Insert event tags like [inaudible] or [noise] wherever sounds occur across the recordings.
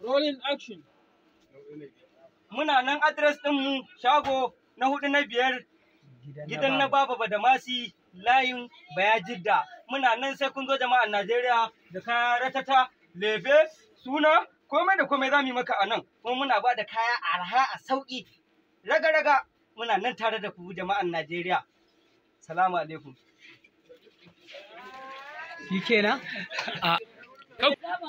Rolling action. Muna nan adres mu shago na hudu na biyar gidan na baba badamasi layin bayajidda. Muna nan sai kun zo jama'a Najeriya da kaya ratata, lebe, suna, komai da komai zamu yi maka a nan. Kuma muna ba da kaya arha a sauki Raga-raga muna nan tare da ku jama'an Najeriya. Salamu alaikum. Shi kenan?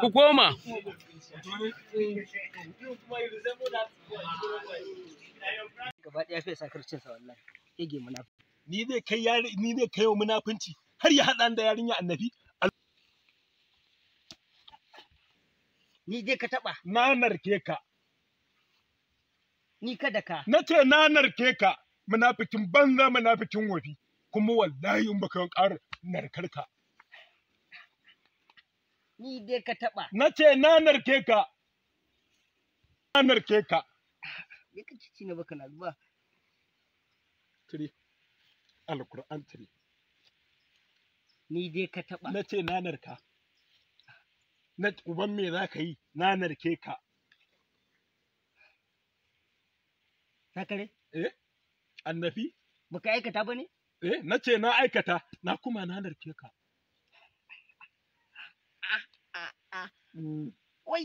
Ku koma. Ni zai kai yari ni zai kai wa munafunci har ya da yarinya annabi. Ni dai ka taɓa. Na narke ka. Ni kada ka. ce na narke ka munafikin banza munafikin wofi. kuma wallahi in baka ƙara narkarka. ni dai ka taba na ce na narke ka na narke ka ya ka ci na baka na zuba tiri alquran tiri ni dai ka taba na ce na narka na uban me za ka yi na narke ka ta kare eh annabi baka aikata ba ne eh na ce na aikata na kuma na narke ka wai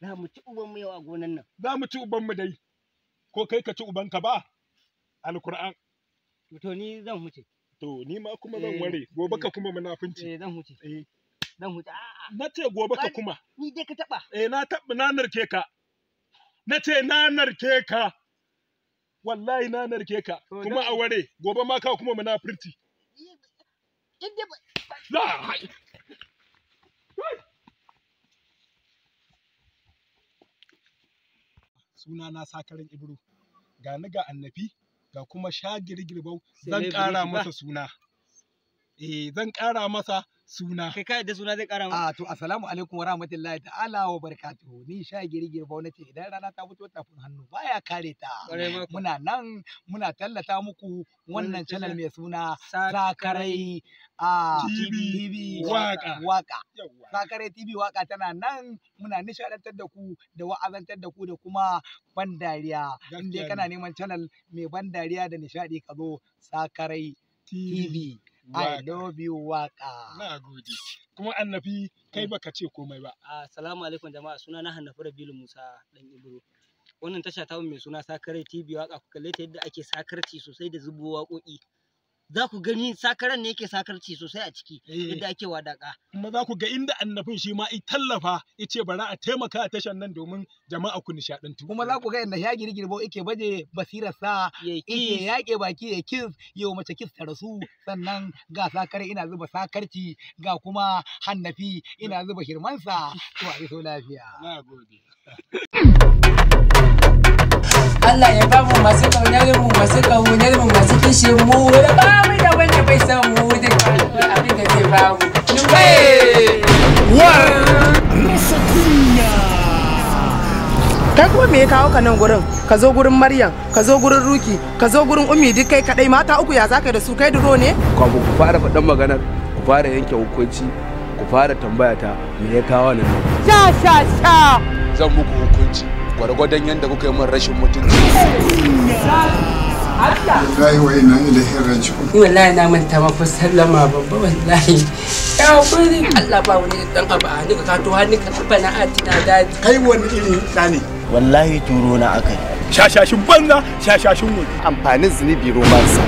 za mu ci uban mu yau a gonan nan za mu ci uban mu dai ko kai ka ci uban ka ba alkur'an to ni zan huce to ni ma kuma zan eh, ware gobe ka eh, kuma munafunci eh zan huce eh zan huce na ce gobe ka kuma ni dai ka taba eh na taba na narke ka na ce na narke ka wallahi na narke ka kuma a ware gobe ma ka kuma munafurci suna na sakarin ibro ga ni ga annabi ga kuma shagirgirbau zan kara masa suna eh zan ƙara masa suna. Kai da suna zai kara ma. A to assalamu alaikum wa rahmatullahi ta'ala wa barkatu Ni sha girgir ba ce idan rana ta fito tafin hannu baya kare ta. Muna nan muna tallata muku wannan channel mai suna Sakarai a TV waka. Waka. Sakarai TV waka tana nan muna nishadantar da ku da wa'azantar da ku da kuma ban dariya. Inda kana neman channel mai ban dariya da nishadi ka zo Sakarai TV. I love you waka. Na gode. Kuma annabi kai eh. baka ce komai ba. Assalamu ah, alaikum jama'a suna na Hannafi Rabilu Musa dan Ibro. Wannan tasha ta mai suna Sakare TV waka kuka ta yadda ake sakarci sosai da zubo waƙoƙi. za ku gani sakaran ne yake sakarci sosai a ciki eh. yadda ake wadaka kuma za ku ga inda annabin shi ma tallafa yace bara a taimaka a tashan nan domin jama'a ku nishadantu kuma za ku ga inda ya girgirbo yake baje basirar sa yake yake baki ya kiss yau mace kiss ta rasu sannan ga sakare ina zuba sakarci ga kuma hannafi ina zuba hirmansa [laughs] to a yi lafiya na [laughs] Allah ya ba mu masu kaunar mu masu kaunar mu masu kishi mu da ba mu da wanda bai san mu da abin da zai ba mu war kai kuma me ya kawo ka nan gurin ka zo gurin maryam ka zo gurin ruki ka zo gurin umi duk kai kadai mata uku ya zaka da su kai duro ne ku fara faɗan maganar ku fara yanke hukunci ku fara tambaya ta me ya kawo nan sha sha sha zan muku hukunci gwargwadon yadda kuka yi min rashin mutunci wallahi wa ina ilahi raji'un ni wallahi na manta ma fa sallama babba wallahi ya kuri Allah ba wani dan abu a ni ka to hannu ka bana atina da kai wani irin tsani wallahi turo na akai shashashin banza shashashin wani amfanin zunubi romansa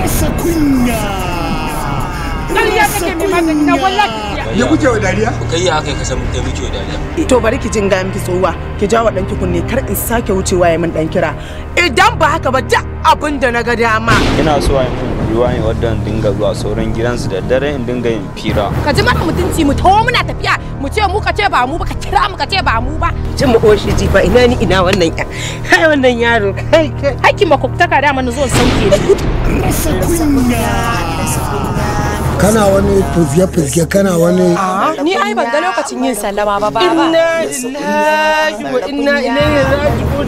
rasa kunya rasa kunya ya kuke wa dariya kai ya kai ka san kai muke wa dariya to bari ki jin ga miki tsowa ki ja wa danki kunne kar in sake wucewa ya min dan kira idan ba haka ba duk abin da na ga dama ina so a yi ruwa ne wadda dinga zuwa sauran gidansu da dare in dinga yin fira ka ji mana mutunci mu tawo muna tafiya mu ce mu ka ce ba mu ba ka kira mu ka ce ba mu ba ji mu koshi ji ba ina ni ina wannan ya kai wannan yaro kai kai hakki makwabtaka da n'a zo sauke ni kunya kana wani fizge-fizge kana wani ni ai ban ga lokacin yin sallama ba ba inna lillahi wa inna ilaihi raji'un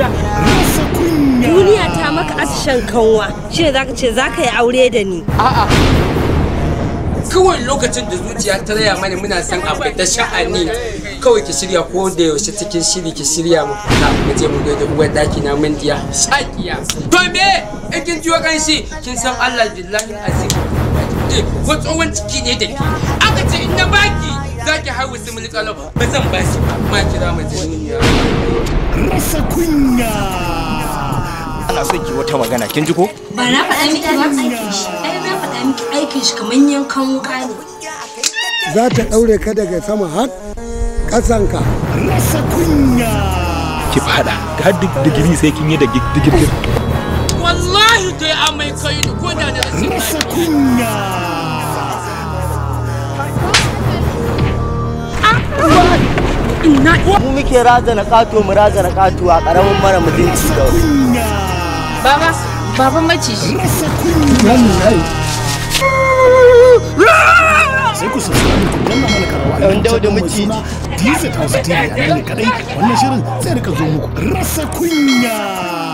duniya ta maka asishan kanwa shi zaka ce zaka yi aure da ni a'a kawai lokacin da zuciya ta raya mana muna son abu da sha'ani kawai ki shirya ko da yaushe cikin shiri ki shirya mu fita mu je mu ga da uwar daki na mindiya shakiya to me in kin jiyo kanshi kin san Allah billahi azim Eh, ko tsohon ciki ne da ke aka ce in baki za ki haihu su mulkalau ba zan ba shi ma kira mai jini rasa kunya ana son ki wata magana kin ji ko ba na faɗa miki ba aikin shi ai na faɗa miki aikin shi kamar yankan wuka ne za ta ɗaure ka daga sama har ƙasanka rasa kunya ki faɗa ka digiri sai kin yi da digirgir wallahi ya amai kai ni ko da da rasa kunya mu muke razana kato mu razana kato a karamin mara mutunci da baba baba maciji sai ku maciji tv a nan kadai wannan shirin rika zo muku rasa kunya